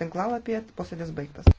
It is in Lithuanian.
tinklalapyje posėdis baigtas